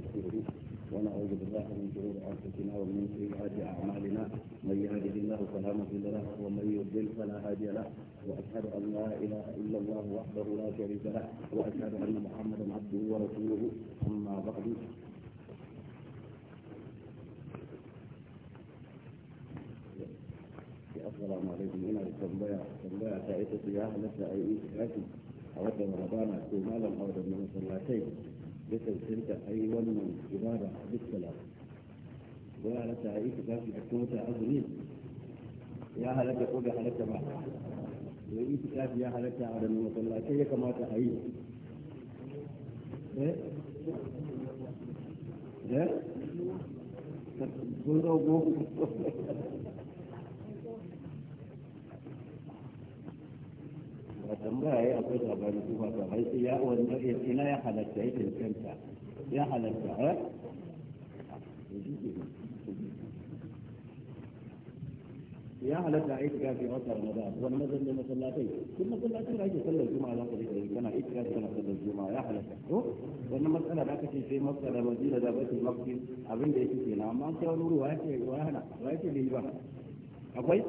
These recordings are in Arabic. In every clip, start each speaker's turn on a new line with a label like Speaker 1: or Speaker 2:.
Speaker 1: ورسوله ونعوذ بالله من شرور انفسنا ومن سيئات اعمالنا من يهده الله فلا مضل له ومن يضلل فلا هادي له واشهد ان لا اله الا الله وحده لا شريك له واشهد ان محمدا عبده ورسوله اما بعد السلام عليكم ina da tambaya tambaya ta ita اي ya halatta a yi aiki a watan ramadana ko ya cancanta a yi wannan ibada a duk salatu ya halatta a yi tikafi da kuma ta azumi ya halatta ko da halatta ba ya yi tikafi ya halatta a wadannan masallatai ya kamata a yi
Speaker 2: eh eh
Speaker 1: kun zo a tambaya ya akwai labarin kuma ba bai sai ya wanda ya ina ya halatta ya tantanta ya halatta eh ya halatta a itika fi wata ramadan wani mazan da masallatai kun masallatai da ake sallar juma za ka rika yi kana itika kana sallar juma'a ya halatta ko wani matsala da aka ce sai makka da madina da baitul maqdis abin da yake kenan amma sai wani ruwa ya ce wa wa ya ce bai ba akwai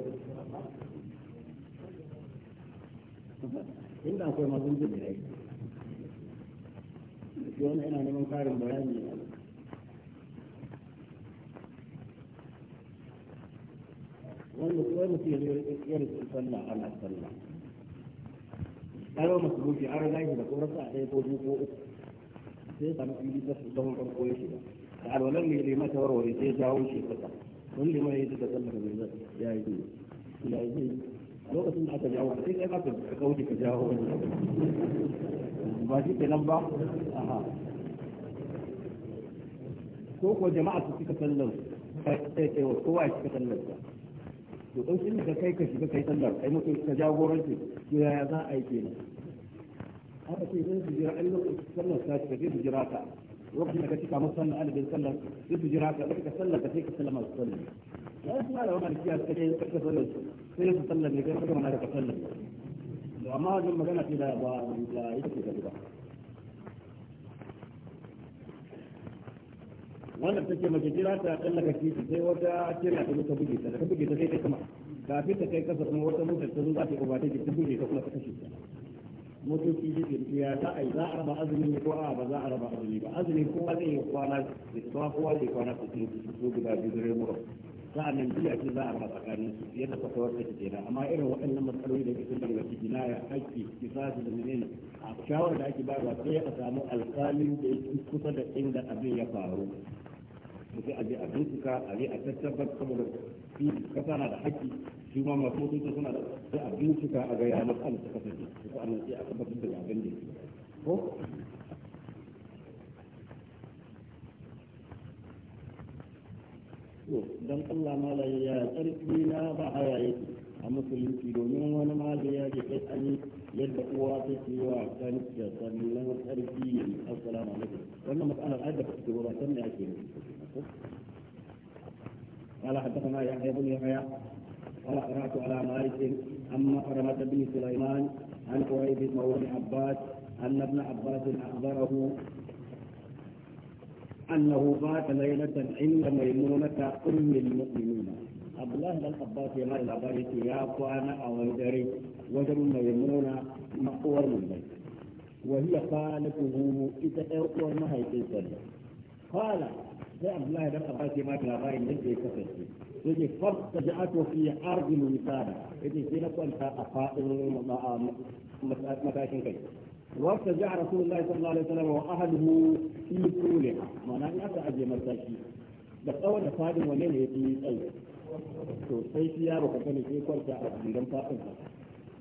Speaker 1: inda akwai masu jin da ya shi wani ina neman karin bayani wanda kawai mutum ya zai ya rike sallah ana sallah ayo masu rufi an raga shi da kuma rasa a ɗaya ko biyu ko uku sai ya samu fili ta sahun farko ya shiga da alwalan mai lima ta warware sai jawo shi kasa wani lema yi da sallah da zai ya yi ya yi lokacin da aka jawo sai kai aka kauce ka jawo wani ba shi kenan ba aha ko ko jama'a su suka sallar sai kai wa kowa suka sallar sa to dan shin da kai ka shiga kai sallar kai mutum ka jagoranci to yaya za a yi kenan haka sai zai su jira ayyukan sallar sa ta zai su jira ta lokacin da ka cika musallan adadin sallar sai su jira ka ka sallar ka sai ka sallama su sallar ya su da wannan kiyaye suka cikin suka sallar sai su sallar ne kai suka mana daga sallar to amma wannan magana ce da ba da ita ce ba wannan take mace jira ta tsallaka titi sai wata kira ta ta buge ta ta buge ta sai ta sama kafin ta kai kasa kuma wata motar ta zo za ta kuma ta ta buge ta kuma ta kashe ta motoci da ke ya za a yi za a raba azumi ko a ba za a raba azumi ba azumi kowa zai yi kwana da kowa zai kwana su su guda biyu zai mura sa'annan biya ce za a ba tsakanin su yadda ka kawar da kike amma irin waɗannan matsaloli da sun daga ciki na ya haƙƙi kifasu da menene a shawar da ake bayarwa sai a samu alƙalin da yake kusa da inda abin ya faru sai a je a bincika a je a tattabar saboda fi kasa na da haƙƙi shi ma masu mutunta suna da sai a bincika a ga ya matsalar ta kasance su sai a tabbatar da abin da ya ko to dan Allah mala ya karfi na ba haya yake a musulunci domin wani mala ya kai an yadda uwa ta ce wa kan ta sannan karfi ne assalamu alaikum wannan matsalar adda san me ake yi قال حدثنا يحيى بن يحيى قال قرات على مالك اما بن سليمان عن قريب عباس ان ابن عباس اخبره أنه بات ليلة عند ميمونة أم المؤمنين عبد الله بن عباس يا مال العباري يا أخوانا أو الجري وجر ميمونة مقور من بيت وهي خالته إتأرقوا ما هي قال يا عبد الله بن عباس يا مال العباري الذي كفر yake يجي da aka fi arzikin misali yake sai na kwanta a faɗin وارتجع رسول الله صلى الله عليه وسلم واهله في طولها معناه ان aka ajiye mataki da tsawon da fadin wane ne yake tsayi to sai shi yaro ka sani sai kwanta a gidan fadin sa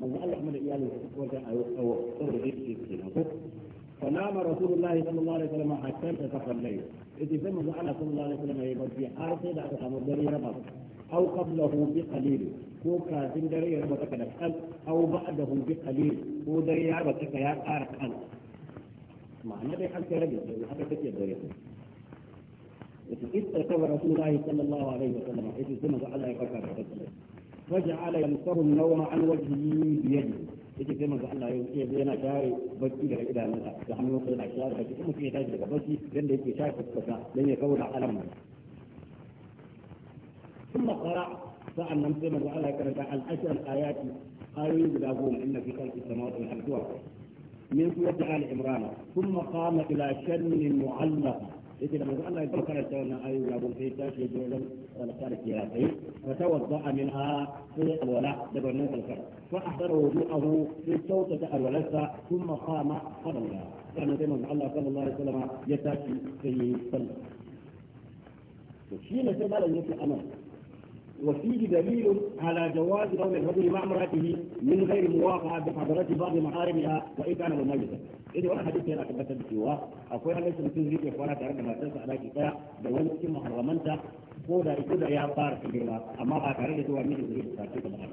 Speaker 1: manzo Allah kuma da iyalin sa kwanta a yau tsawo saboda dai ke ke nan ko فنام رسول الله صلى الله عليه وسلم حتى انتصف الليل إذ ثم جعل صلى الله عليه وسلم يبكي حارسة بعد أمر ربط أو قبله بقليل ko kafin dare ya raba saka da kan au ba'dahu bi qalil ko dare ya raba saka ya ƙara kan ma'ana dai har sai rage sai haka take dare ita ita sallallahu alaihi wa استوى رسول الله صلى الله عليه وسلم حيث سمع الله يفكر فجعل يمسر النوم عن bi بيده yake sai manzo Allah ya ce yana share bacci daga idanunsa da hannun sai na share bacci kuma ke ya tashi daga bacci dan da yake share fuskata dan ya kawo da alam ثم قرأ sa'an nan sai manzo Allah ya karanta al-ashar ayati ayoyi guda goma inna fi khalqis samawati wal ardi min surati ali imran thumma qama ila shannin mu'allaqa yake da manzo Allah ya karanta wannan ayoyi guda goma sai tashi ya wajen kalkar ya kai fa tawadda minha sai alwala da wannan kalkar fa ahdara wudu'ahu sai sauta alwalarsa thumma qama qala sannan sai manzo Allah sallallahu alaihi wasallam ya tashi sai sallah to shi ne sai malam yake anan وفيه دليل على جواز قول الرجل مع امرأته من غير موافقة بحضرة بعض محارمها وإن كان مميزا. إذا ولا حديث هنا كتبت أو أقول أنا لسه مثل ذيك ولا تعرف ما تنسى على كتاب دول كم محرمنتا كودا كودا يا بار كبيرة أما بعد تعرف دوا مين ذيك تاكيد محرم.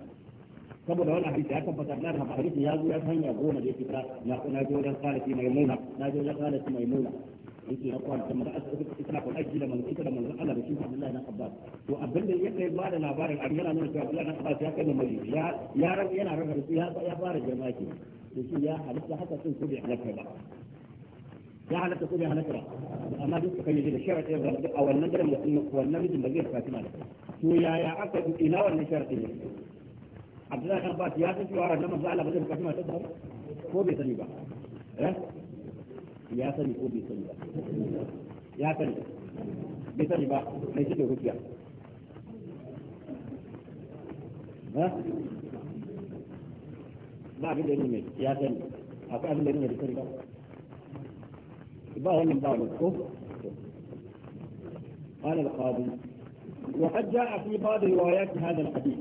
Speaker 1: saboda wannan hadisi ya tabbatar da hadisi ya zo ya sanya goma da يا fita na na يا wajen khalati mai maimuna na je wajen khalati mai maimuna yake ya kwanta mara asibiti tana kwana aiki da manzo da manzo Allah da shi Abdullahi na Abbas to abin da ya kai ba da labarin abin yana nuna cewa Abdullahi na Abbas ya kai mai ya ya yana rarraba ya ya fara girma ke to shi ya halitta haka sun ko bai halatta ba ya halatta ko bai halatta ba amma duk suka yi da sharadin da a wannan garin mutum wannan mijin ba zai fatima da to ya ya aka yi ina wannan sharadin ne Abdullahi na Abbas ya san cewa ranar manzo Allah ba zai fatima ta ko bai sani ba eh ya sani ko bai sani ba ya sani bai sani ba mai shi hujja ha ba abin da yin mai ya sani akwai abin da yin mai sani ba ba wannan ba wani ko قال القاضي وقد جاء في بعض روايات هذا الحديث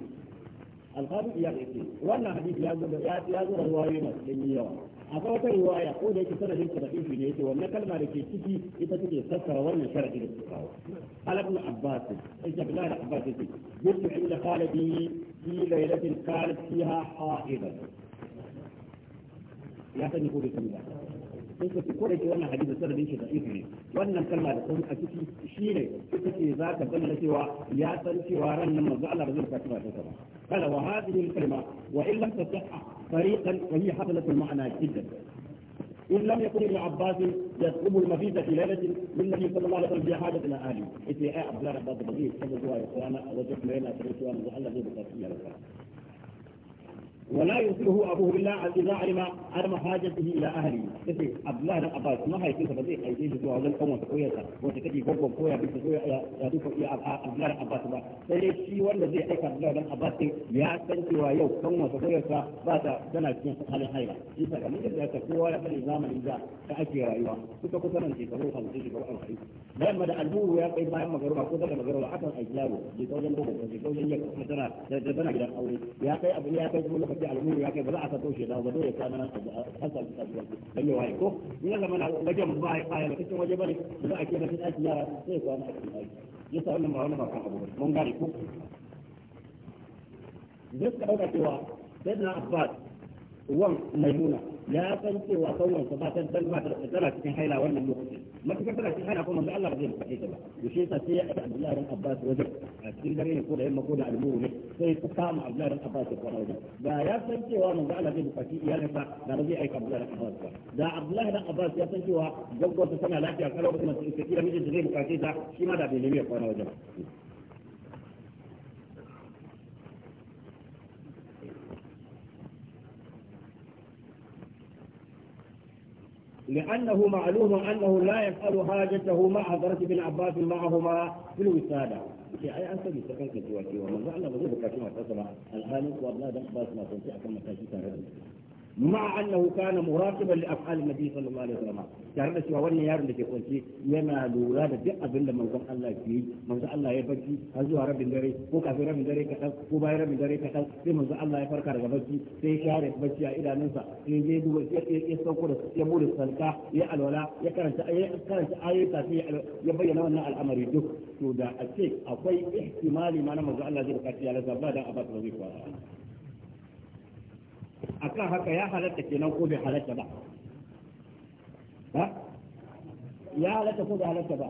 Speaker 1: القاضي يقول وانا حديث يقول يا روايه لم يوم a ga wata riwaya ko da yake sanadin ta da'ifi ne yake wannan kalma da ke ciki ita take sassara wannan sharadi da suka kawo alabnu abbas yake bilal abbas yake yake inda khalidi fi lailatin kanat fiha ha'idan ya sani ko da sani sai ka ko da ke wannan hadisi sanadin shi da ne wannan kalma da kuma a ciki shine ita ce za ka bayyana cewa ya san cewa ran nan manzo Allah zai fata ba ta ba kala wa hadhihi kalma wa in lam tasahha fariqan wa hiya haflatu al-ma'na jiddan إن لم يكن ابن عباس يطلب المفيد في ليلة من النبي صلى الله عليه وسلم في حاجة إلى أهله. إذا أي عبد الله عباس بقيت كم جوا يقوانا وجب لنا في الإسلام وعلى ذي بقيت ولا يصيبه ابوه الا اذا علم عدم حاجته الى اهله كتي عبد الله بن عباس ما هي كيف بدي اي شيء هو هذا القوم كويسه وتكتي بوبو كويا بنت كويا يا دوك يا عبد الله بن عباس ما سي شي ولا زي اي عبد الله بن عباس يا سنتي ويو قوم كويسه بعد انا كان حال حيره كيف كان يمكن ذاك هو يا بني زام الانجاز كاكي رايوا كنت كنت انا في روح الحديث في روح الحديث لما ده البو يا بي ما مغرو ما كنت مغرو حتى اجلابه دي توجن بوبو دي توجن يا كنت انا ده ده انا يا ابو يا ابو fitar da al'umma ya kai ba za a sako shi da ba dole kana nan a kasar dan ya waye ko in ya zama wajen ba ya fara cikin waje bane da za a kira shi daki yara sai kwana a cikin daki yasa wannan ba wannan ba kan abu mun gane ko duk da cewa sayyidina abbas wan maimuna ya san cewa kawai ka ba ta dalma da tsara cikin haila wannan lokacin matukar tana cikin haila kuma Allah ba zai fake ta ba to shi yasa sai ya aika Abdullahi ran Abbas waje? a cikin dare ne ko da yamma ko da almuru ne sai ka kama Abdullahi ran Abbas ko da waje da ya san cewa manzo Allah zai faɗi sa da ba zai aika Abdullahi bin Abbas ba da Abdullahi ran Abbas ya san cewa gaggwata tana lafiya kalau kuma sai kira mijin zai bukace ta shi ma da bai nemi ya kwana wajen لأنه معلوم أنه لا يفعل حاجته مع حضرة ابن عباس معهما في الوسادة في أي أنت بسكنك سواك ومن ذلك وظيفك كما تصل الآن وابناء دقباس ما تنسيح كما تنسيح مع أنه كان مراقبا لأفعال النبي صلى الله عليه وسلم تعرف شو وانا يار اللي يقول شيء ينا لورا ده دي أبن لما زال الله فيه من زال الله يبكي هزوا رب دري هو كافر من دري كتل هو باير من دري كتل في من زال الله يفرق على بكي في شهر بكي إلى ننسى في زي دو يستوكل يمول السلكة يعل ولا يكرن يكرن آية تاتي يبين لنا الأمر يدك شو ده أكيد أقوي احتمالي ما أنا من زال الله يبكي على زبادة أبد وظيفة akan haka ya halatta kenan ko bai halatta ba ya halatta ko bai halatta ba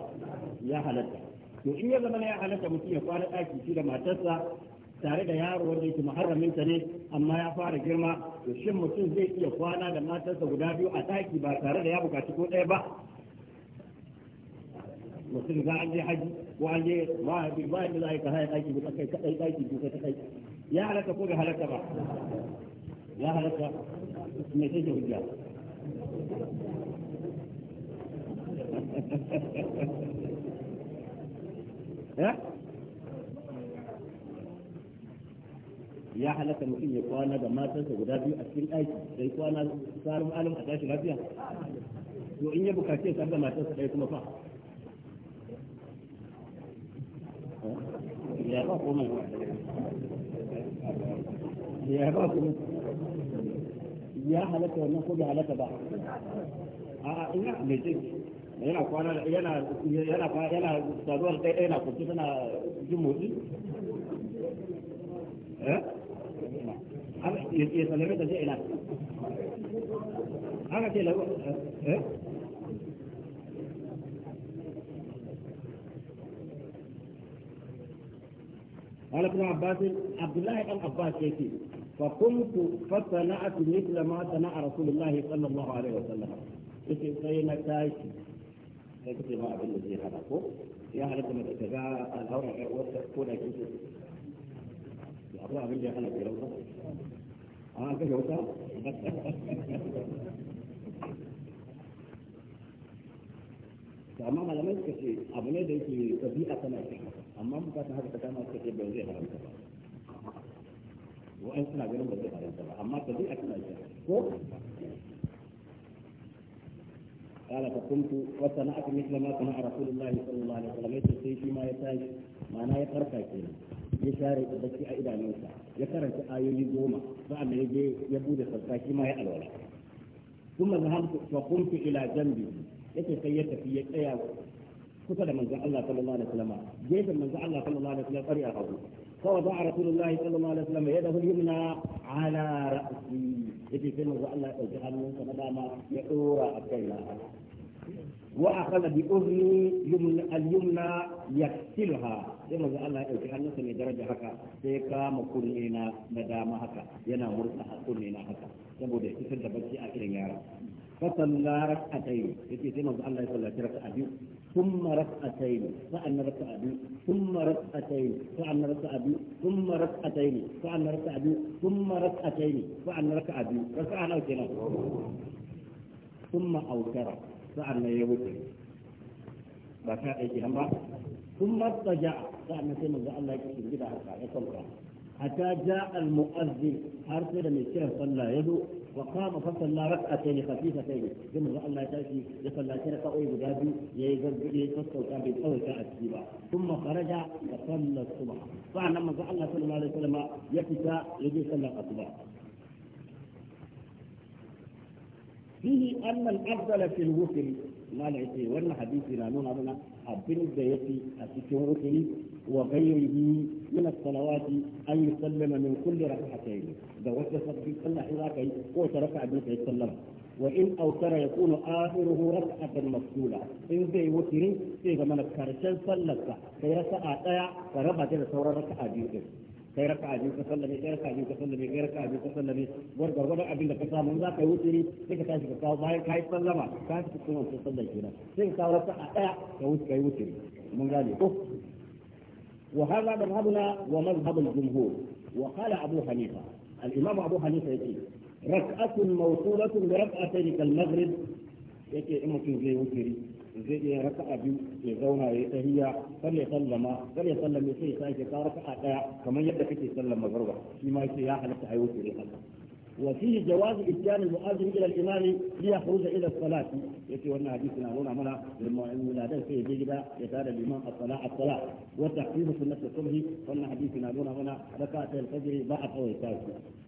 Speaker 1: ya halatta to in ya zama ya halatta mutum ya kwana ɗaki shi da matarsa tare da yaro wanda yake ta ne amma ya fara girma to shin mutum zai iya kwana da matarsa guda biyu a ɗaki ba tare da ya bukaci ko ɗaya ba mutum za a je haji ko an je ba ba da za a yi ka haya daki ba kai kaɗai daki ko kai ya halatta ko bai halatta ba ya halatta ya halatta mutum ya kwana da matarsa guda biyu a cikin aiki sai kwana tsarin alim a tashi lafiya to in ya bukace sa da matarsa ɗaya kuma fa ya ba komai ya ba ku ya halatta wannan ko bai halatta ba a ina mai ce yana kwana yana yana yana saduwar ɗaya yana kunci tana jin motsi eh ya salame ta sai ina haka ce lagu eh قال ابن عباس عبد الله بن عباس يكي فقمت فصنعت مثل ما صنع رسول الله صلى الله عليه وسلم يتي سينا تايت يتي ما ابن هذا خلقه يا رب ما تجا الهوى وتكون كنت يا الله من جهه انا كده اه كده هو amma malamai suka ce abu ne da yake tabi'a tana cikin amma bukata haka ta kama suka ce bai zai haramta ba wa'an suna ganin ba zai haramta ba amma ka zai a tana shi ko قال فقمت وصنعت مثل ما صنع رسول الله صلى الله عليه وسلم ليس في فيما يحتاج معناه يقرأ كده ya share bacci a idanunsa ya karanta ayoyi goma sa'an ya je ya bude shi ma ya alwala kuma zahamtu fa qumtu ila jambi yace sai ya tafi ya tsaya kusa da manzon Allah sallallahu alaihi wasallam gefen manzon Allah sallallahu alaihi wasallam ƙarya hagu فوضع رسول الله صلى الله عليه وسلم يده اليمنى على رأسي يجي في نظر الله يجعل منك مدام يدور وأخذ بأذني اليمنى يكسلها sai ya dauki hannunsa mai kama kunne na dama haka yana murta kunne na haka da bacci a irin yara fa salla ya ركعتين فعن ركع بي ثم ركعتين فعن ركع بي ثم ركعتين فعن ركع بي ركعة أو كنا ثم أوتر فعل يوتر بكاء جهما ثم اضطجع فعل سيما الله يكسر جدا حتى جاء المؤذن حرصنا من شهر صلى يدو وقام فصلى ركعتين خفيفتين ثم راى الله تاتي يصلى شرق اوي بجابي يزبدي يتوسع بالقوي كاتبا ثم خرج وصلى الصبح فعلما زعل الله صلى الله عليه وسلم يكسى يجي صلى الصبح فيه أن الأفضل في الوتر ما لعيتي وأن حديثنا نون أبنا أبن الزيتي أتكون وتري وغيره من الصلوات أن يسلم من كل ركعتين ده وصفت في صلى حراكي هو ترفع ابنك يسلم وإن أوتر يكون آخره ركعة مفصولة إن زي وتر سيغا من الكارشان صلت كي ركعة أيع فربع جل ثورة ركعة بيوتر kai raka biyu ka sallame kai raka ka sallame kai raka biyu ka sallame gwargwar gwargwar abin da ka samu za ka yi wuturi sai ka tashi ka kawo bayan ka yi sallama ka fi cikin wancan sallar kenan sai ka kawo raka a ɗaya ka wuce ka yi wuturi mun gane وهذا مذهبنا ومذهب الجمهور وقال ابو حنيفه الامام ابو حنيفه يقول ركعة موصولة بركعة كالمغرب المغرب يكي اما تنزي وكري زي إيه، ركعة بي يزونا إيه، إيه، هي صلي صلما صلي صلما يسي سايك كاركعة آه. كمن يدفك يسلم مغربة فيما يسي يا حلقة حيوكري حلقة وفيه جواز إتيان المؤذن إلى الإمام ليخرج إلى الصلاة يأتي وانا حديثنا هنا عملا المنادين في جيدا يتعالى الإمام الصلاة الصلاة وتحقيق سنة الصبح وانا حديثنا هنا هنا ركعة الفجر بعد أو يتعالى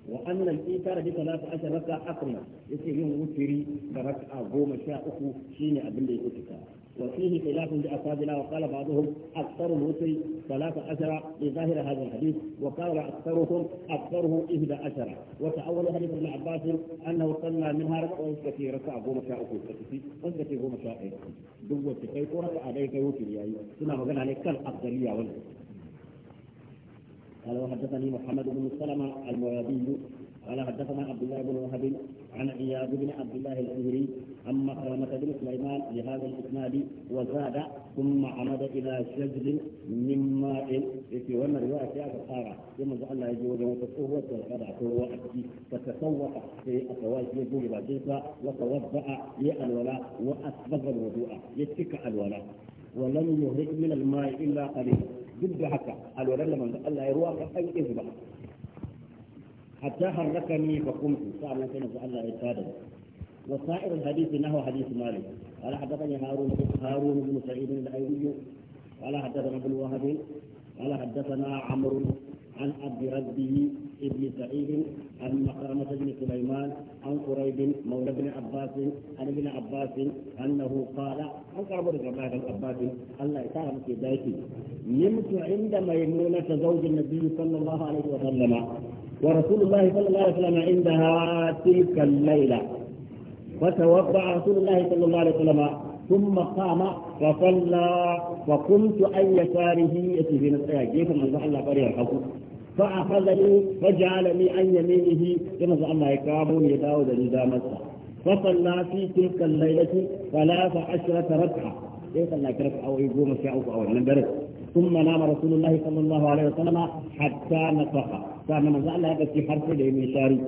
Speaker 1: وأن الإيثار بثلاث عشر ركعة أقرب يأتي يوم وتري بركعة قوم شاء أخو شيني أبن لي أتكار وفيه خلاف لأصحابنا وقال بعضهم أكثر الرسل ثلاثة عشر لظاهر هذا الحديث وقال أكثرهم أكثره إحدى عشر وتأول حديث ابن عباس أنه صلى منها ركعة وسكتي أبو قوم شاء أخو وسكتي قوم شاء دوة كي قرأ عليك يوكل يعني سنة وقال عليك كالأفضلية ولد قال وحدثني محمد بن سلمة المرادي قال حدثنا عبد الله بن وهب عن اياد بن عبد الله الزهري عن مخرمة بن سليمان بهذا الاسناد وزاد ثم عمد الى شجر من ماء في وما رواية في هذا ثم الله يجوز وتصوه وتوقع هو أكيد فتسوق في الزواج يقول بعدها وتوضأ للولاء وأسبغ الوضوء يتك الولاء ولم يهلك من الماء إلا قليلا جد حتى الولاء لما الله يروى Allah ya حتى حركني فقمت فعلا كان الله يتفادى وسائر الحديث انه حديث مالك قال حدثني هارون هارون بن سعيد الايوبي قال حدثنا ابن وهب قال حدثنا عمرو عن عبد ربه ابن سعيد عن مقامة بن سليمان عن قريب مولى بن عباس عن ابن عباس انه قال عن قرب الله بن عباس الله تعالى في ذلك نمت عند ميمونة زوج النبي صلى الله عليه وسلم ورسول الله صلى الله عليه وسلم عندها تلك الليلة فتوضأ رسول الله صلى الله عليه وسلم ثم قام فصلى فقمت عن يساره يأتي في نفسها كيف من الله قرية الحكم فأخذني فجعلني عن يمينه كما الله يكرمني يداود لدامته فصلى في تلك الليلة ثلاث عشرة ركعة كيف لك ركعة أو يقوم الشعوف أو من ثم نام رسول الله صلى الله عليه وسلم حتى نفخ كان من زعل هذا في حرف لي مشاري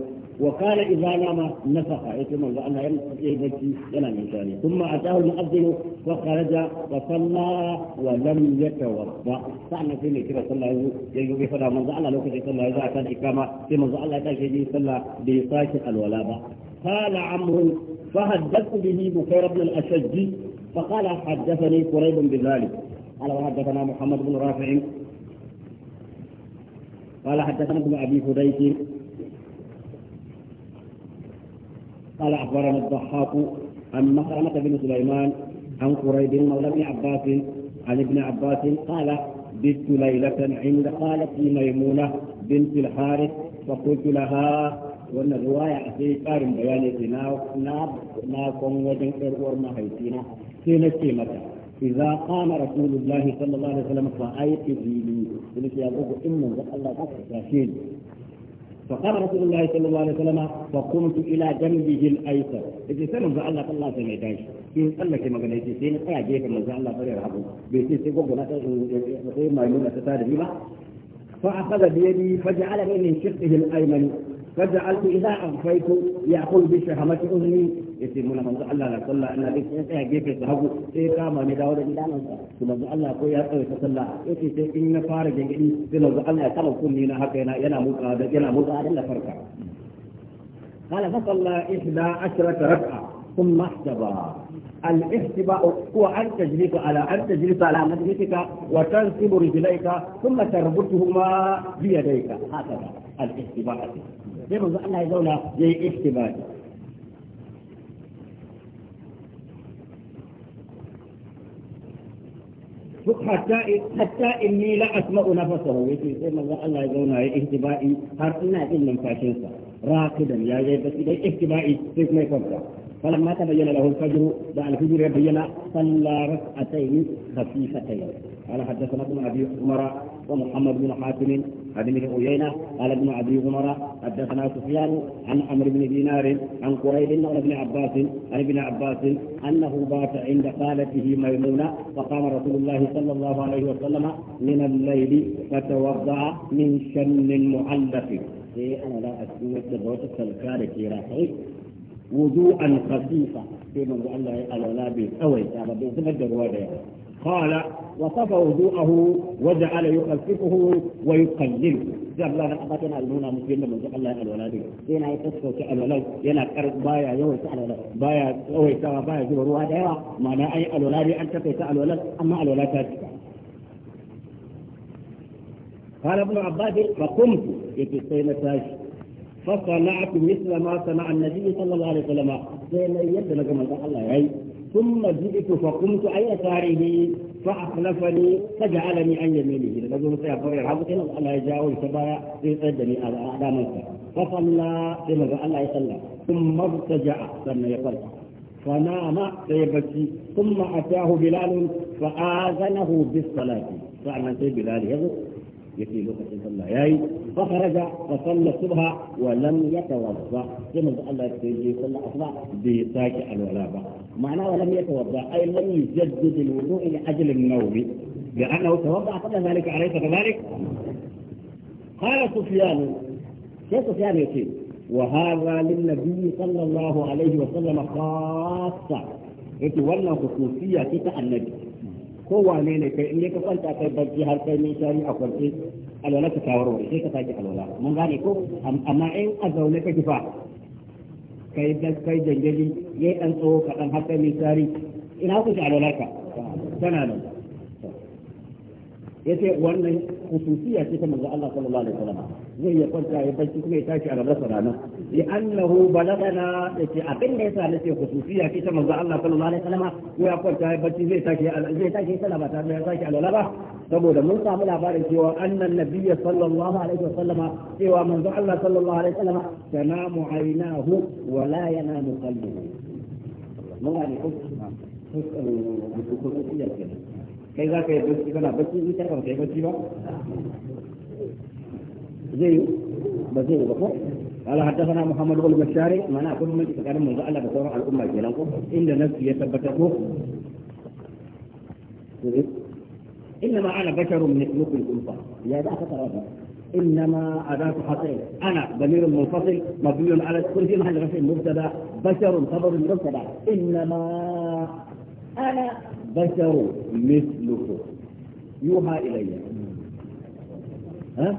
Speaker 1: وقال إذا نام نفخ أيت من زعل هذا في بيتي لنا مشاري ثم أتاه المؤذن وخرج وصلى ولم يتوضا فأنا في ميتي صلى الله يجو بفضل من زعل لو كنت صلى إذا كان إكامة في من زعل هذا في بيتي صلى بصاحب الولابة قال عمرو فهددت به بكير بن الأشجي فقال حدثني قريب بذلك قال وحدثنا محمد بن رافع قال حدثنا ابن ابي فديك قال اخبرنا الضحاك عن مخرمة بن سليمان عن قريب مولى ابن عباس عن ابن عباس قال بت ليلة عند قالت لي ميمونة بنت الحارث فقلت لها وأن الرواية في قارن بيان في ناب ناب ناب وجن إرور ما هيتينا في نسيمتها إذا قام رسول الله صلى الله عليه وسلم فأيقظني قلت يا أبو إن الله تكتشفين فقام رسول الله صلى الله عليه وسلم فقمت إلى جنبه الأيسر إذا سلم الله الله عليه وسلم in tsallake magana yake sai na tsaya gefen manzo Allah bare rabu bai sai sai gogo na sai maimuna ta tada ni ba fa akhadha bi yadi faj'ala al فجعلت إذا أنفيت يأخذ بشهمة أذني يتم من زعل الله صلى الله عليه وسلم يا جيف سهو إيه كاما نداود إدانا ثم زعل الله قوي أطوي فصلى يتي إيه إن فارج إن ثم زعل الله كما كنينا هكينا ينا مقادة ينا مقادة إلا فرقا قال فصلى إحدى عشرة ركعة ثم احتبى الاحتباء هو أن تجلس على أن تجلس على مجلسك وتنصب رجليك ثم تربطهما بيديك هكذا الاحتباء sai manzo Allah ya zauna ya yi ihtibari hatta hatta inni la asma'u nafsahu yake sai manzo Allah ya zauna ya ihtibari har ina jin numfashin sa raqidan ya yi basi da ihtibari sai kuma kwanta falan mata da yana lahul fajr da al fajr ya bayyana sallar ataini khafifatayn ala hadathana ibn abi umara ومحمد بن حاتم ابن عيينة قال ابن أبي عمر حدثنا سفيان عن عمرو بن دينار عن قريب عن ابن عباس عن ابن عباس أنه بات عند خالته ميمونة فقام رسول الله صلى الله عليه وسلم من الليل فتوضأ من شن معلق إيه، وضوءا خفيفا في من الله الولا بالأوي بإذن الدروادة قال وصف وضوءه وجعل يخففه ويقلله جاب لنا أبطنا المنى مسلم من الله الولا به سينا يتسكو كالولا ينا كرد بايا يوي كالولا بايا يوي كالولا بايا جبر وادعا ما نا أي الولا بي أن تكي كالولا أما الولا تاتك قال ابن عباس فقمت يتسين تاشي فصنعت مثل ما صنع النبي صلى الله عليه وسلم لأن يدنا كما قال الله يعني ثم جئت فقمت أي يساره فأخلفني فجعلني عن يمينه لقد قلت يا قرير عبد الله الله يجاوز سبايا يقدمي على منك فصلى كما الله يسلم ثم ارتجع ثم يقول فنام سيبكي ثم أتاه بلال فآذنه بالصلاة فعلا سيد بلال يقول يكي لوكة الله يا فخرج فصلى الصبح ولم يتوضا كما الله يكفي صلى الصبح بساك الولاء معناه ولم يتوضا اي لم يجدد الوضوء لاجل النوم لانه توضا قبل ذلك اليس كذلك؟ قال سفيان شيخ سفيان يقول وهذا للنبي صلى الله عليه وسلم خاصه يقول ولا خصوصية ce هو annabi kowane ne kai in ka kwanta kai bacci har kai nishari alwala ka warware sai ka sake alwala mun gane ko amma in a zaune ka kifa kai da kai jangali yayi dan tsawo ka dan haka misali ina ku ji alwala ka tana nan yace wannan khususiyya ce ta manzo Allah sallallahu alaihi wasallam zai ya kwanta ya barci kuma ya tashi a rarrasa ranar li annahu balagana yace abin da yasa nace khususiya ce ta manzo Allah sallallahu alaihi wasallam ko ya kwanta ya barci zai tashi zai tashi sallah ba tare da ya tashi ba saboda mun samu labarin cewa annan nabiyya sallallahu alaihi wasallama cewa manzo Allah sallallahu alaihi wasallama tanamu aynahu wa la yanamu qalbuhu mun ga ne ko ba زي بزي بقول قال حدثنا محمد بن بشاري ما انا كل من تكلم من قال بقول على الامه جلانكم ان الناس يثبتوا انما انا بشر مثلكم انثى يا ذا خطر هذا انما اداه خطير انا ضمير منفصل مبني على كل في محل رفع مبتدا بشر خبر مبتدا انما انا بشر مثلكم يوحى الي ها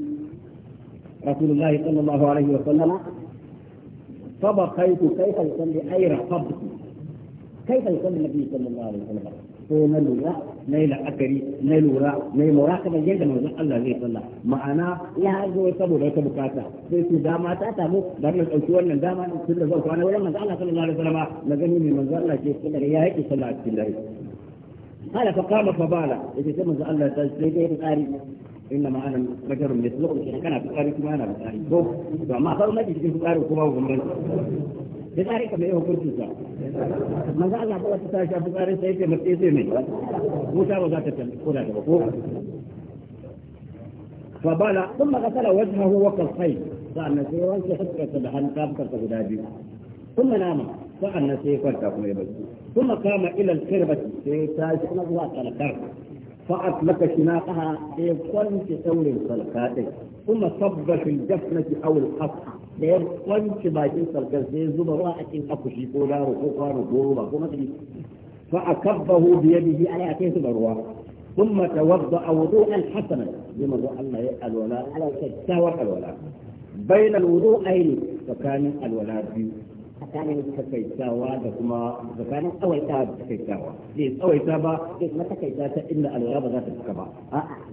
Speaker 1: رسول الله صلى الله عليه وسلم طبقيت كيف يصلي أي رقبت كيف يصلي النبي صلى الله عليه وسلم فينا الوراء نيل أكري نيل وراء نيل مراقبة جيدة من ذلك الله عليه وسلم معنا لا أجو يصبو لا يصبو كاتا في سدامة تأتمو لأن الأسوال من داما كل ذلك وانا ولما الله صلى الله عليه وسلم لذنه من منظر الله شيء سنة رياه صلى الله عليه وسلم قال فقام فبالا إذا سمز الله تجسليه في انما انا رجل مثلكم اذا كان بخاري كما انا بخاري تو ما صار ما في بخاري وكما هو من بخاري كما إيه كل شيء ما زال الله قوة تتاشى بخاري سيد مرتي سيد من موسى وذات الكلة فبالا ثم غسل وجهه وكفيه فأنا سيوان سيحبك سبحان كابك سبحان ثم نام فأنا سيكون كابك ثم قام إلى الكربة سيتاشى على الكربة فأطلق شناقها يكون إيه، في ثور الفلكات ثم صب في الجفنة أو القصعة إيه، يكون في باجين سلكات يزوب إيه، رائع أكشي كولا رقوقا رقوقا فأكبه بيده على أكيس بروا ثم توضأ وضوءا حسنا لما ضوء الله يسأل على كتاوة الولاء بين الوضوءين فكان الولاء بيو tsakanin takaitawa da kuma tsakanin tsawaita da takaitawa bai tsawaita ba bai kuma takaita ta inda alwala ba za ta cika ba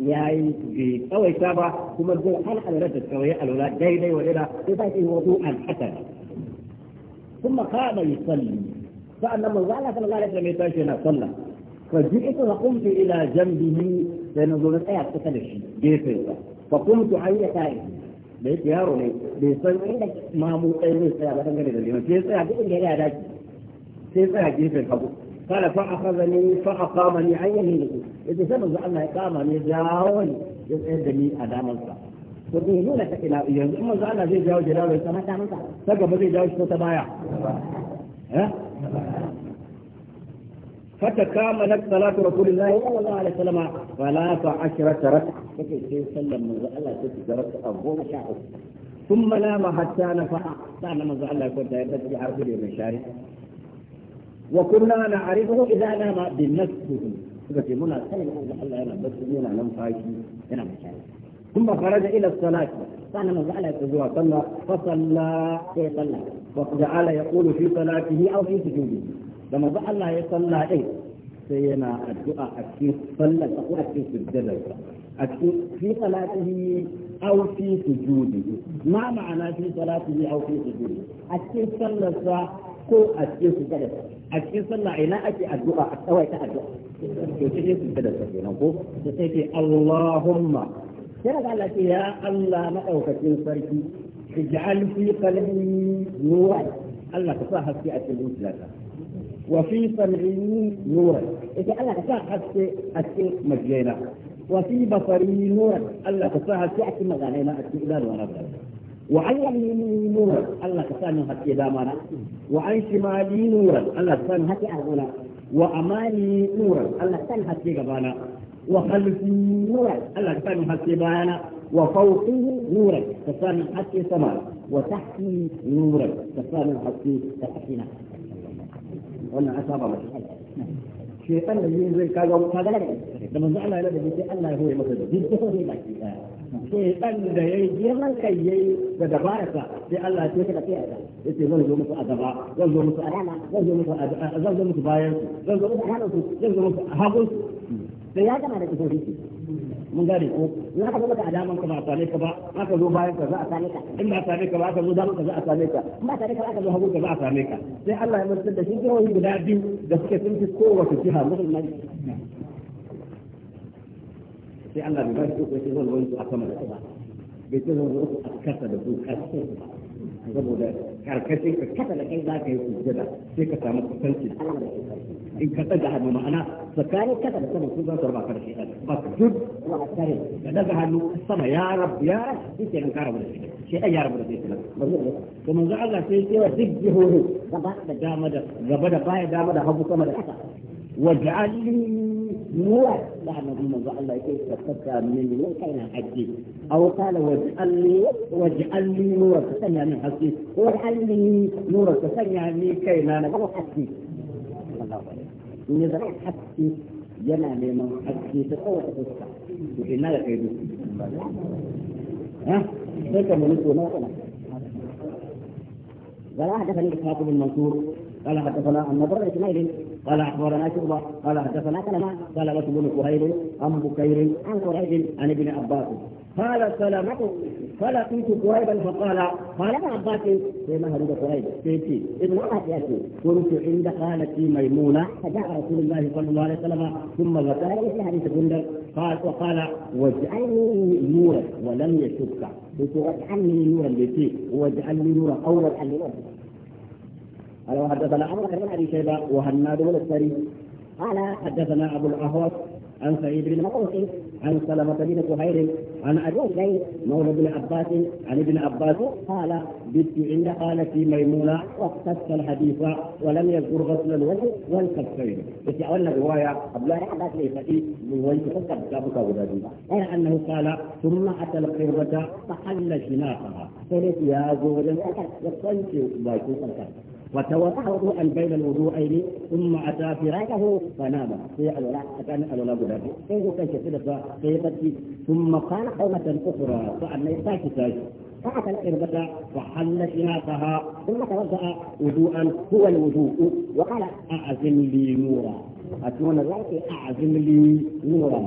Speaker 1: ya yi bai tsawaita ba kuma zai hana alwala ta cika ya alwala daidai wa daida sai ta yi wato an haka kuma kada yi salli sa'annan manzo Allah sallallahu alaihi wasallam ya tashi yana sallah fa ji'tu wa qumtu ila janbihi sai na zo na tsaya kusa da shi gefe sa fa qumtu an yata'i da yake yaro ne bai san inda mamu ɗaya zai tsaya ba dangane da liman sai tsaya duk inda ya dace sai tsaya gefen hagu kana fa akhazani fa ni an yamini idan sai manzo Allah ya kama ne dawo ne ya tsaya da ni a damansa to bai ne ta ila yanzu in manzo Allah zai jawo da dawo sama tsama damansa saka gaba zai jawo shi ta baya eh فتكاملت صلاة رسول الله صلى الله عليه وسلم ثلاث عشرة ركعة فكي سيسلم من الله ستة ركعة أبوه شعب ثم نام حتى نفع كان من الله كنت يبدأ في عرض اليوم الشارك وكنا نعرفه إذا نام بنفسه فكي منا سلم الله أنا بس منا نمفاكي أنا مشارع ثم خرج إلى الصلاة كان من الله يتزوى صلى فصلى فصلى صلى وجعل يقول في صلاته أو في سجوده da manzo Allah ya salla din sai yana addu'a a cikin sallar ko a cikin sujjadar a cikin fi salatihi aw fi sujudi ma ma'ana fi salatihi aw fi sujudi a cikin sallar sa ko a cikin sujjadar a cikin sallah ina ake addu'a a tsawaita addu'a to cikin sujjadar sa kenan ko sai ke Allahumma sai Allah ce ya Allah madaukakin sarki ij'al fi qalbi nuran Allah ka sa haske a cikin zuciyata وفي سمعي نورا إذا أنا كساح حتى أتي مجينا وفي بصري نورا ألا كساح حتى أتي مغانينا أتي إلى وانا وعلمني نورا ألا كساني حتى دامنا وعن شمالي نورا ألا كساني حتى أهونا وأماني نورا ألا كساني حتى غبانا وخلفي نورا ألا كساني حتى بانا وفوقه نورا كساني حتى سماء وتحتي نورا كساني حتى تحتينا wannan an saba masa shaytan da yin zai kaga kaga daga da manzo Allah ya ladabi sai Allah ya hore masa da duk sai baki daya shaytan da yayi girman kai yayi da dabararsa sai Allah ya tsaya da kai yace zan zo musu a gaba zan zo musu a rana zan zo musu a zan zo musu bayan zan zo musu a hagu zan zo musu a hagu sai ya gama da kitabin mun gane ko in aka zama ka a daman ka ba a same ka ba aka zo bayan ka za a same ka in ba a same ka ba aka zo daman ka za a same ka in ba a same ka ba aka zo hagu ka za a same ka sai Allah ya mutu da shi jihohi guda biyu da suke sun fi kowace jiha musulmanci sai Allah bai ba shi ko sai zan wani a sama da ba bai ce zan wani zo a kasa da su kasa saboda karkashin ka kada da kai za ka yi sujjada sai ka samu kusanci in ka daga hannu ma'ana tsakanin kada da sama sun zan sarba ka da shi ba ka duk wa tare ka daga hannu sama ya rabu ya rabu sai an kara da shi shi ai ya rabu da shi to manzo Allah sai ya ce wa duk jihohi gaba da dama da gaba da baya dama da hagu sama da ƙasa واجعلني نور لعنة من الله يقول تفتى من وكان حجي أو قال واجعلني واجعلني نورا تسمع من حكيم واجعلني نورا تسمع من كينا نقول حكيم الله نزرع حكيم ينا حجي حكيم تقوى تفتى وإنا لقيدو ها؟ ليس من نسو نورا ولا حدثني إسحاق بن المنصور قال حدثنا عن بن اسماعيل قال اخبرنا شعبه قال حدثنا سلمه قال لك بن كهيل عن بكير عن قريب عن ابن عباس قال سلمة فلقيت قريبا فقال قال ابن عباس فيما هرب قريب سيدي ابن عباس ياتي كنت عند خالتي ميمونه فجاء رسول الله صلى الله عليه وسلم ثم ذكر مثل حديث بندر قال وقال واجعلني نورا ولم يشك قلت واجعلني نورا بيتي واجعلني نورا اول نورا قال وحدثنا عمر بن ابي شيبه وهناد بن السري قال حدثنا ابو الاهوص عن سعيد بن مقوس عن سلمة بن كهير عن أبي الليل مولى بن عباس عن ابن عباس قال بت عند خالتي ميمونة واقتص الحديث ولم يذكر غسل الوجه والكفين. بت أول رواية عبد الله بن عباس ليفتي من وجه فقد كابك ولدي. غير أنه قال ثم أتى القربة فحل شناقها. فليت يا زوج الأكل وصلت باكو الأكل. وتوضأ بين الوضوءين ثم أتى فراشه فنام في الولاء كان الولاء بلاد كيف كان شفيد كيف ثم قال قومة أخرى فان يتاكي تاكي فأتى الاربة وحل شناقها ثم توضأ وضوءا هو الوضوء وقال أعزم لي نورا أتمنى الله أعزم لي نورا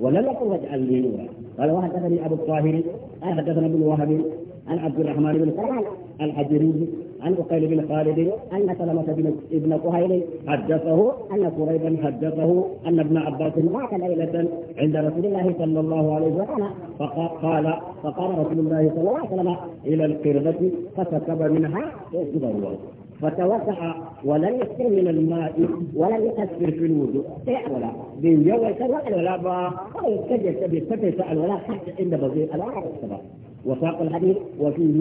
Speaker 1: ولم يقل واجعل لي نورا قال وحدثني أبو الطاهر حدثنا ابن الوهاب عن عبد الرحمن بن سلام الحجري عن عقيل بن خالد أن سلمة بن ابن قهيل حدثه أن قريبا حدثه أن ابن عباس مات ليلة عند رسول الله صلى الله عليه وسلم فقال فقال رسول الله صلى الله عليه وسلم إلى القردة فسكب منها وكبر فتوسع ولم يكثر من الماء ولم يكثر في الوضوء ولا بيوم ولا با أو يكثر يكثر ولا حتى إن بزيء الأعراض وساق الحديث وفيه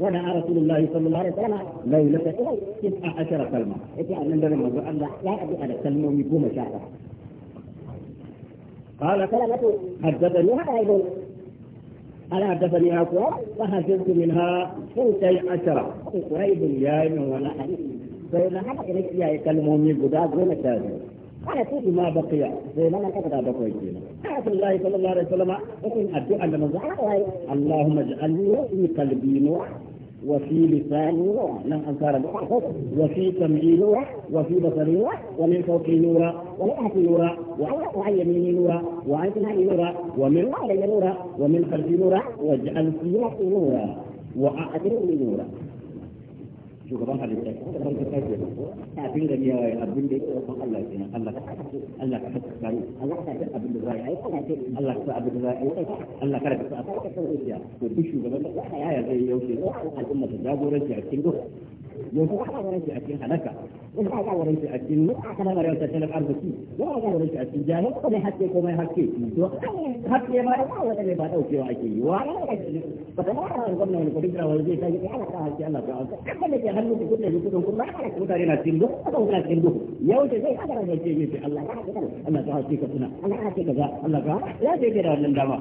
Speaker 1: ودعا رسول الله صلى الله عليه وسلم ليلة تسعة عشر كلمة إذا أن موضوع الله لا أبي على كلمة ويقوم شهر قال سلمة حدثني هذا أيضا أنا حدثني أقوى وحفظت منها ثلثي عشرة قريب يا ولا حديث فإذا حدث إليك يا كلمة ويقوم شهر كل ما بقي زي ما قد بقي جينا حياة الله صلى الله عليه وسلم وكن أدعو أن نزع اللهم اجعلني في قلبي نوع وفي لساني نوع لم أنصار وفي سمعي نوع وفي بصري نوع ومن فوقي نورا ومن تحتي نورا وعن يميني نورا وعن شمالي نورا ومن علي نورا ومن خلفي نورا واجعل في نورا وأعطني نورا shugaban halitta ko da farko sai kenan kafin da kuma waye abin da yake roƙon Allah kenan Allah ka Allah ka kuma Allah ka san abin da zai aika ka Allah ka san abin da zai Allah ka da zai to shugaban da ya ya zai al'umma ta jagoranci a cikin yanzu ba ka wurin shi a cikin halaka in ba ka shi a cikin kana mara arziki ba ka wurin shi a cikin jahil ko mai haske ko mai haske to haske ma ba wata ne ba daukewa ake yi wa ne ka ji ba ta mara wani gwamnati ko dinga wani zai ta yi ana haske Allah ta kan da ke hannu kudin kuma na cikin duk cikin duk yau ce zai kada ne ce Allah Allah ta haske ka tuna Allah ka haske ka za Allah ka ya ce ke da wannan dama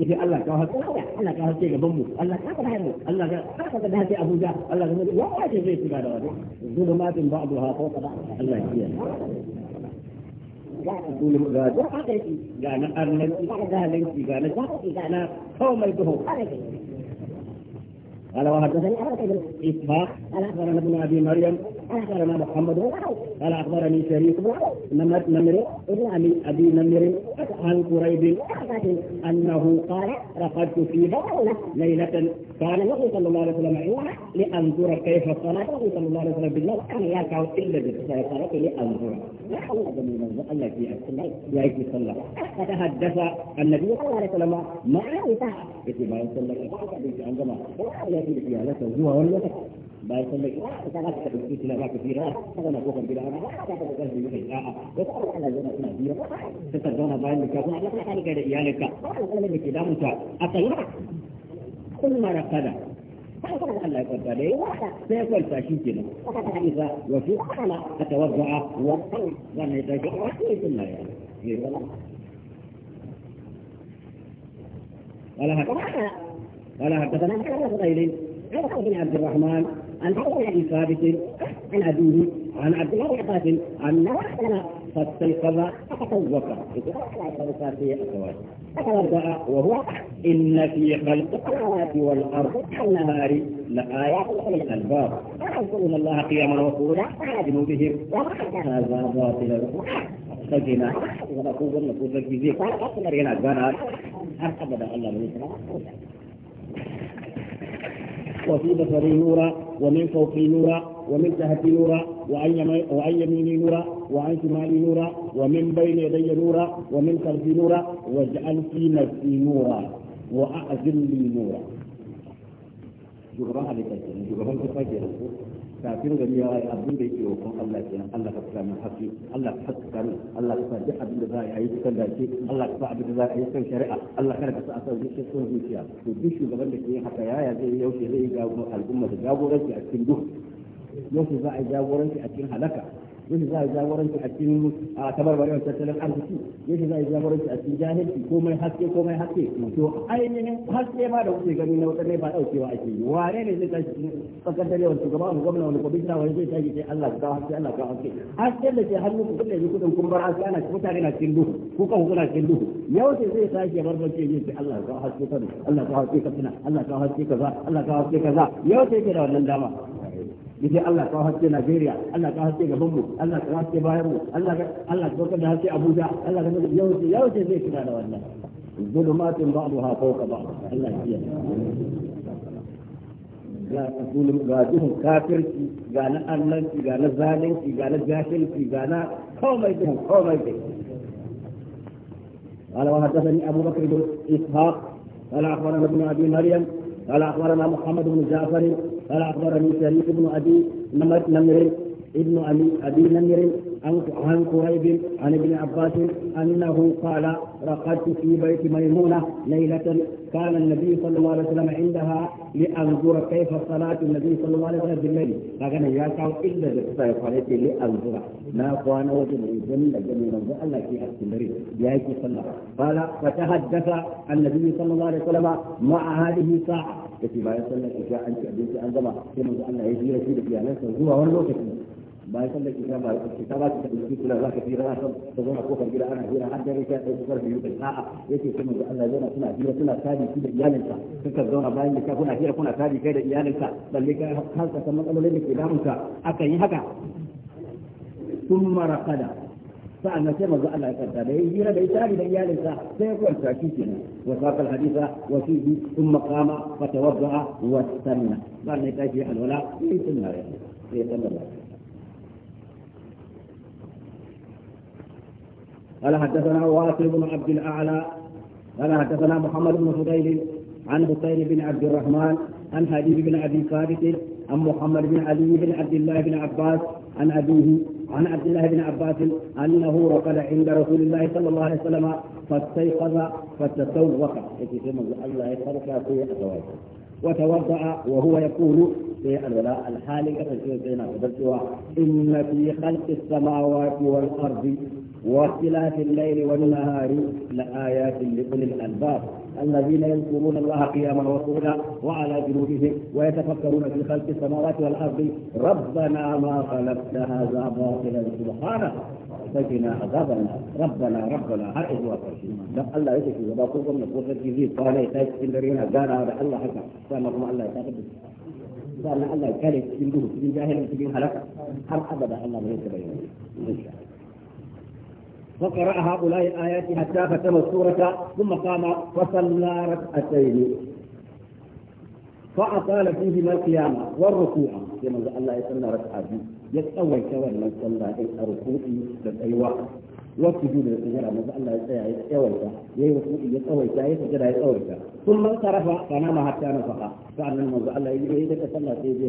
Speaker 1: yace Allah ka haka Allah ka haka gaban mu Allah ka ka mu Allah ka ka da haka Abuja Allah ka mu wa ce zai shiga da wani zulumatin ba'daha fawqa ba'd Allah ya kiyaye يقول لا جاء جانا أرنب جانا لنسي جانا جاء جانا قوم الدهو قال وحدثني أبدا إسحاق قال أخبرنا ابن أبي مريم اخبرنا محمد بن عوف قال اخبرني شريك بن عوف نمر ابن ابي ابي نمر عن قريب انه قال رقدت في بطوله ليله قال النبي صلى الله عليه وسلم يوحى لانظر كيف صلى النبي صلى الله عليه وسلم بالله كان يركع الا بالسيطره لانظر يا الله جميل التي اكلت يأتي صلى الله فتحدث النبي صلى الله عليه وسلم مع عائشه ما صلى الله عليه وسلم عندما ياتي بحيالته هو والوقت bayan sun da ita ta za ka ɗauki kila za ka fira ta zama kofar gida ba ta ta ƙarfi mai kai a'a da ta ƙarfi ana zauna suna biyu ta ta zauna bayan da ka kuma Allah ta kai da iyalinka ba ta ƙarfi da ke damunta a tsaye kun mara kada Allah ya kwanta da yawa sai ya kwanta shi ke nan. Isa wa fi kala a tawadda'a wa kan zan yi daga wasu ya sunna ya. قال هكذا قال هكذا أنا أتكلم عن عبد الرحمن عن عبد الله بن ثابت عن أبيه عن عبد الله بن قاسم عن أحسن فاستيقظ فتطوق فتوضأ وهو إن في خلق السماوات والأرض والنهار لآيات لأولي الألباب يذكرون الله قياما وقولا وقعودا وعلى وما هذا باطل فجنا ونقول نقول لك بزيك أكثر ينادبنا أكثر الله من وفي بصري نورا ومن فوقي نورا ومن تحتي نورا وعن يميني نورا وعن شمالي نورا ومن بين يدي نورا ومن خلفي نورا واجعل في نفسي نورا وأعزل لي نورا شكرا عليك شكرا kafin gari ya yi abin da yake roƙon Allah ke Allah ka fara min haƙi Allah ka haƙƙa min Allah ka sa abin da za a yi cikin dace Allah ka sa abin da za a yi kan shari'a Allah kada ka sa a sauki cikin son zuciya to duk shugaban da ke haka yaya zai yaushe zai jago al'umma da jagoranci a cikin duk yaushe za a yi jagoranci a cikin halaka yake za a jagoranci a cikin tabarbarewar tattalin arziki yake za a jagoranci a cikin jahilci mai haske mai haske to ainihin haske ma da kuke gani na wata ne ba daukewa ake yi wane ne zai tashi cikin tsakar dare wani shugaba wani gwamna wani kwamishina wani zai tashi sai Allah ka haske Allah ka haske haske da ke hannu ku kulle kudin kun bar haske ana mutane na cikin duhu ku kan kuna cikin duhu yau sai zai tashi ya barbace yin sai Allah ka haske ka Allah ka haske ka Allah ka haske kaza Allah ka haske kaza yau sai ke da wannan dama yace Allah ka haske Najeriya Allah ka haske gaban mu Allah ka haske bayan mu Allah ka Allah ka da haske Abuja Allah ka yau ce yau ce zai kira da wannan zulumatun ba'daha fawqa ba'd Allah ya ga zulum ga duhun kafirci ga na annanci ga na zalunci ga na jahilci ga na komai da komai da قال وحدثني ابو بكر بن اسحاق قال اخبرنا ابن ابي مريم قال اخبرنا محمد بن جعفر قال أخبرني شريك بن أبي نمر ابن أبي أبي نمر عن قريب عن ابن عباس أنه قال رقدت في بيت ميمونة ليلة كان النبي صلى الله عليه وسلم عندها لأنظر كيف صلاة النبي صلى الله عليه وسلم بالليل فكان يا إلا بالصلاه يقالت لأنظر ما قوانا وجد الجنة جميع رمضة الله في أكتمري يا صلى قال فتحدث النبي صلى الله عليه وسلم مع هذه الساعه ke bayan sallar isha an ci abinci an gama sai manzo Allah ya jira shi da iyalansa zuwa wani lokaci bayan sallar isha ba ta ba ta abinci kula za ka jira ta ta zo kofar gida ana jira har dare ta ɗauki da biyu kai a'a yake sai manzo Allah ya zauna suna jira suna tadi shi da iyalinsa ka zauna bayan da kuna jira kuna tadi kai da iyalansa balle kai har ka san matsalolin da ke damunka akan yi haka sun mara فأنا كما ذا الله قد ذا يجينا بإسالي بيان الساعة سيكون ساكيتنا وساق الحديثة وفيه ثم قام فتوضع واستمنى فأنا يتاجي عن ولا يتمنى رحمه يتمنى الله قال حدثنا واصل بن عبد الاعلى قال حدثنا محمد بن فضيل عن بطير بن عبد الرحمن عن حديث بن ابي ثابت عن محمد بن علي بن عبد الله بن عباس عن ابيه عن عبد الله بن عباس انه رقد عند رسول الله صلى الله عليه وسلم فاستيقظ فتسوق الله في وتوضا وهو يقول في الولاء الحالي ان في خلق السماوات والارض واختلاف الليل والنهار لآيات لأولي الألباب الذين يذكرون الله قياما وقعودا وعلى جنوبهم ويتفكرون في خلق السماوات والأرض ربنا ما خلقت هذا باطلا سبحانه فجنا عذاب ربنا ربنا هل هو قرشنا لا الله يسك في ضباطكم نقول في الجزيز قال يتاج إيه، سندرينا قال هذا الله حكا قال الله الله يتاقب قال الله يتاقب سندوه سندوه سندوه سندوه هل أبدا الله من يتبعينه إن شاء الله وقرأ هؤلاء الآيات حتى ختم السورة ثم قام وصلى ركعتين فأطال فيهما القيامة والركوع كما الله يصلى ركعتين يتأول كوان من صلى الركوع للأيواء وسجود للسجارة ما الله يتأول يتأول يتأول يتأول يتأول ثم انصرف فنام حتى نفخ ما الموضع الله يجب صلى سيدي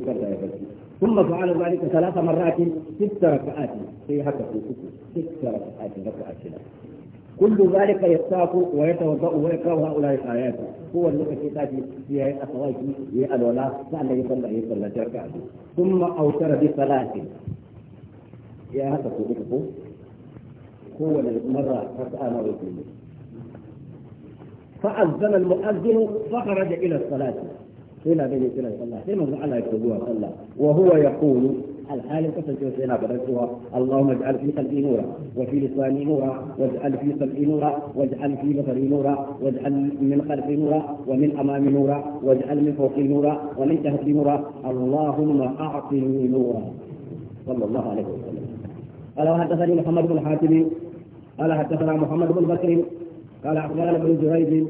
Speaker 1: ثم فعل ذلك ثلاث مرات ست ركعات في هكذا في سكوت ست ركعات كل ذلك يستاق ويتوضا ويقرا هؤلاء الايات هو الذي تاتي فيها الاخوات في الولاء كان يصلى يصلى تركعه ثم اوتر بصلاه يا هذا صديقه هو مره ركعه مره فأذن المؤذن فخرج إلى الصلاة إلى بني إلى الصلاة لما على يقولها صلى وهو يقول الحال كسنتي سينا بدرتها اللهم اجعل في قلبي نورا وفي لساني نورا واجعل في قلبي نورا واجعل في بصري نورا واجعل من خلفي نورا ومن امامي نورا واجعل من فوقي نورا ومن تحتي نورا اللهم اعطني نورا صلى الله عليه وسلم قال وحدثني محمد بن حاتم قال حدثنا محمد بن بكر قال اخبرنا ابن جريج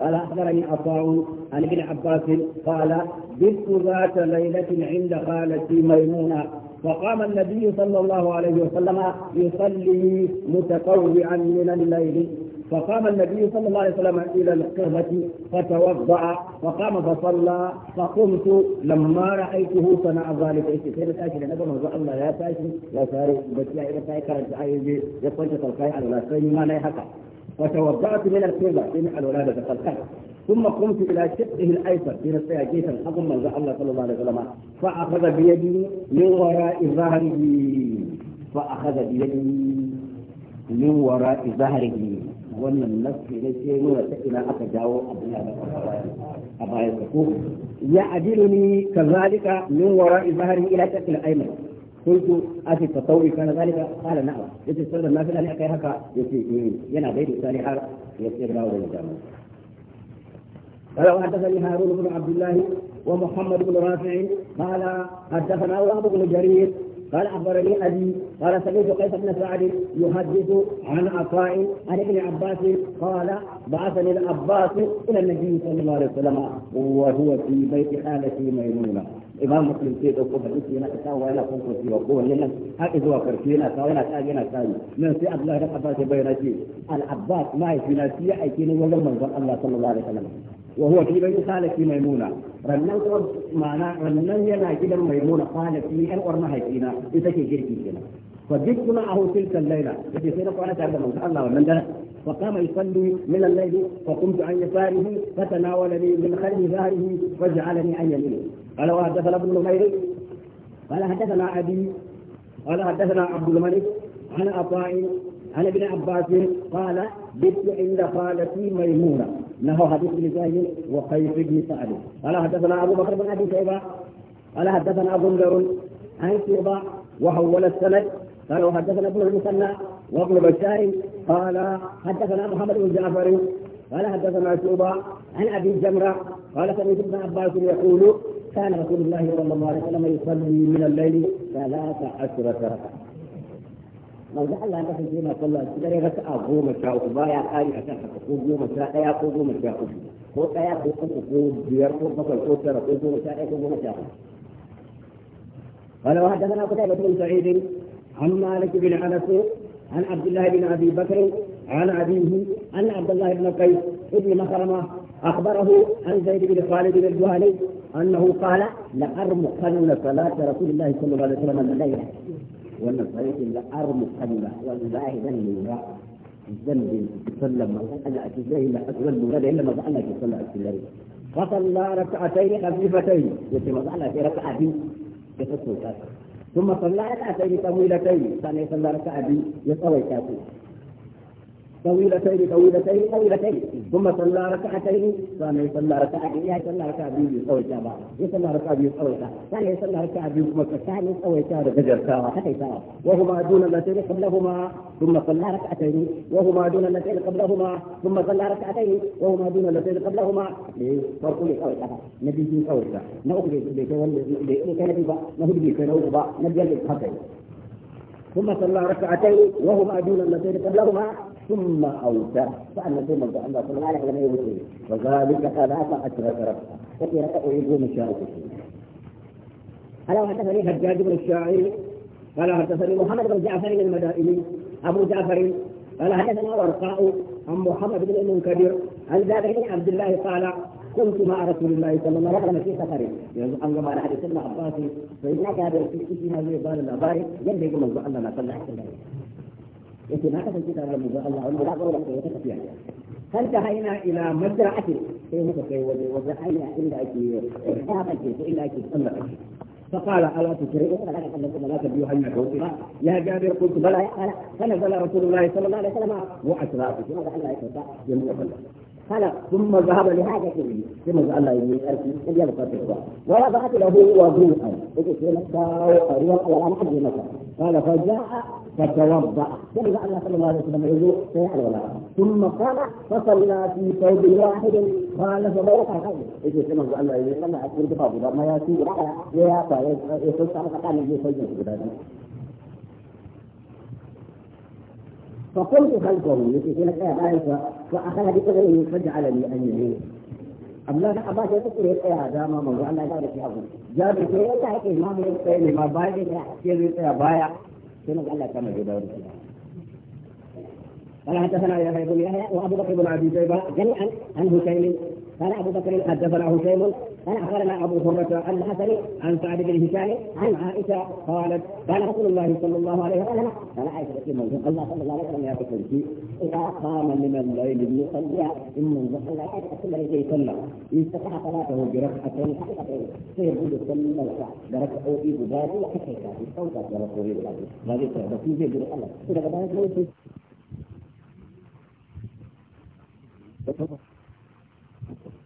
Speaker 1: قال أخبرني عطاء عن ابن عباس قال بت ذات ليلة عند خالتي ميمونة فقام النبي صلى الله عليه وسلم يصلي متطوعا من الليل فقام النبي صلى الله عليه وسلم الى القربة فتوضا فقام فصلى فقمت لما رايته صنع ذلك ايش سير تاشي لان ما الله يا تاشي يا ساري بس يا اذا تاي كرت عايز يقول تلقاي على لا سيما لا يحقق وتوضأت من في محل ولاده فالخلق ثم قمت إلى شقه الأيسر في نصيحة جيثا أظن الله صلى الله عليه وسلم فأخذ بيدي من وراء ظهره فأخذ بيدي من وراء ظهره ومن النفس إلى الشيء من إلى أتجاو أبا يعدلني كذلك من وراء ظهره إلى شقه الأيمن قلت أفي التطوع كان ذلك قال نعم قلت السبب ما في الأن يحكي هكا يجي ينا بيت الثاني يصير له الجامع قال وحدثني هارون بن عبد الله ومحمد بن رافع قال حدثنا وهب بن جرير قال اخبرني ابي قال سمعت قيس بن سعد يحدث عن عطاء عن ابن عباس قال بعثني العباس الى النبي صلى الله عليه وسلم وهو في بيت خالتي ميمونه imam muslim sai dauko hadisi yana ta kawo yana kun kurfi wa kowanne nan har zuwa karfi yana kawo yana kawo yana kawo nan sai Allah da abbas ya bayyana ce al abbas mahaifina shi ya aike ni wajen manzon allah sallallahu alaihi wasallam wa huwa fi bayti salati maimuna rannan kuma ma'ana rannan yana gidan maimuna salati yan uwar mahaifina ita take girki kenan fa فجئت معه تلك الليله التي سيرت وانا تعبت من الله ومن فقام يصلي من الليل فقمت عن يساره فتناولني من خلف ظهره وجعلني عن يمينه قال وحدثنا ابن نمير قال حدثنا ابي قال حدثنا عبد الملك عن عطاء عن ابن عباس قال بت عند خالتي ميمونه له حديث ابن زيد وخيف بن سعد قال حدثنا ابو بكر بن ابي شيبه قال حدثنا ابو ذر عن شيبه وحول السند قال وحدثنا ابن المثنى وابن بشار قال حدثنا محمد بن جعفر قال حدثنا شعبة عن ابي جمره قال سمعت ابن عباس يقول كان رسول الله صلى الله عليه وسلم يصلي من الليل ثلاث عشرة ركعة لو جعل الله بس فيما صلى الله عليه ركعة قوم شاء بايع قال عشان قوم شاء قوم شاء ko ɗaya ko uku ko biyar ko bakwai ko tara ko goma sha ɗaya ko goma sha huɗu. قال وحدثنا قتيبة بن سعيد عن مالك بن انس عن عبد الله بن ابي بكر عن ابيه عن عبد الله بن قيس ابن مخرمه أخبره عن زيد بن خالد بن الجهني أنه قال لأرمقن صلاة رسول الله صلى الله عليه وسلم الليلة وأن صليت لأرمقن والله ذنبي ذنبي سلم أنا أتجاهي أتولى ولد إلا ما زعلنا في صلاة الليل فصلى ركعتين خفيفتين يتي ما زعلنا في ركعتين يتصل ثم صلى ركعتين طويلتين ثاني صلى ركعتين يطوي كافي طويلتين طويلتين طويلتين ثم صلى ركعتين كان يصلى ركعتين يا صلى ركعة بيو أو شابا يصلى ركعتين بيو أو شابا كان يصلى ركعتين بيو مكة كان أو شابا غجر ساوى وهما دون اللتين قبلهما ثم صلى ركعتين وهما دون اللتين قبلهما ثم صلى ركعتين وهما دون اللتين قبلهما إيه؟ فرقوا لي أو شابا نبي جين أو شابا نأخذ بيت والذي كان في بقى بيت نوض بقى نبي جين ثم صلى ركعتين وهما دون اللتين قبلهما ثم اوتاه فعلا زي الله صلى الله عليه وسلم يقول وذلك ثلاث عشرة ركعة وفي ركعة يقوم الشاهد قال حدثني حجاج بن الشاعري قال حدثني محمد بن جعفر المدائني ابو جعفر قال حدثنا ورقاء عن محمد بن المنكدر عن جابر بن عبد الله قال كنت مع رسول الله صلى الله عليه وسلم في سفر يقول الله على حديث ابن عباس فإذا كان في اسمه البال الأبارك ينبغي من الله صلى الله عليه وسلم انت ما تفهمت هذا الموضوع الله اعلم لا ضروره في وقتك فيها فانتهينا الى مزرعه في مكه وزرعنا الا في حياتك الا في امرك فقال الا تشرئ لا لا يا جابر قلت بلى يا قال فنزل رسول الله صلى الله عليه وسلم واسرى في هذا الا يتوقع خلق ثم ذهب لهذا كله ثم الله يجيب أرسل اللي يبقى في ووضعت له وضوءا إذا سيمسا ولا قال فجاء فتوضأ ثم الله صلى الله عليه وسلم ولا ثم قال فصلى في ثوب واحد قال فبرك الخير إذا سيمسا الله يجيب الله أكبر ما يأتي ولا يأتي على فقال فقلت خلقه مثل تلك الايه فاخذ بقدره فجعلني ان يهين اما انا اباك تقول هيك ايه هذا ما موضوع انا لا بس يعظم جاب سيئتا هيك ما من السيئة ما بايدي لا لك ويقول ايه بايع سينا قال لك انا جدا ورسي قال حدثنا يا هيد يحيى وابو بكر بن ابي شيبه جميعا عن هشيم قال ابو بكر حدثنا هشيم قال اخبرنا ابو هريره الحسن عن سعد بن هشام عن عائشه قالت قال رسول الله صلى الله عليه وسلم قال عائشه في موجود الله صلى الله عليه وسلم يقول في اذا قام من الليل ليصلي ان من ظهر لا كل اليه يصلى ان استطاع صلاته بركعتين حقيقتين سيقول صلى الله بركعه في غبار وحقيقه في صوت رسول الله صلى الله هذه تربتي زي الله اذا بدات Thank you.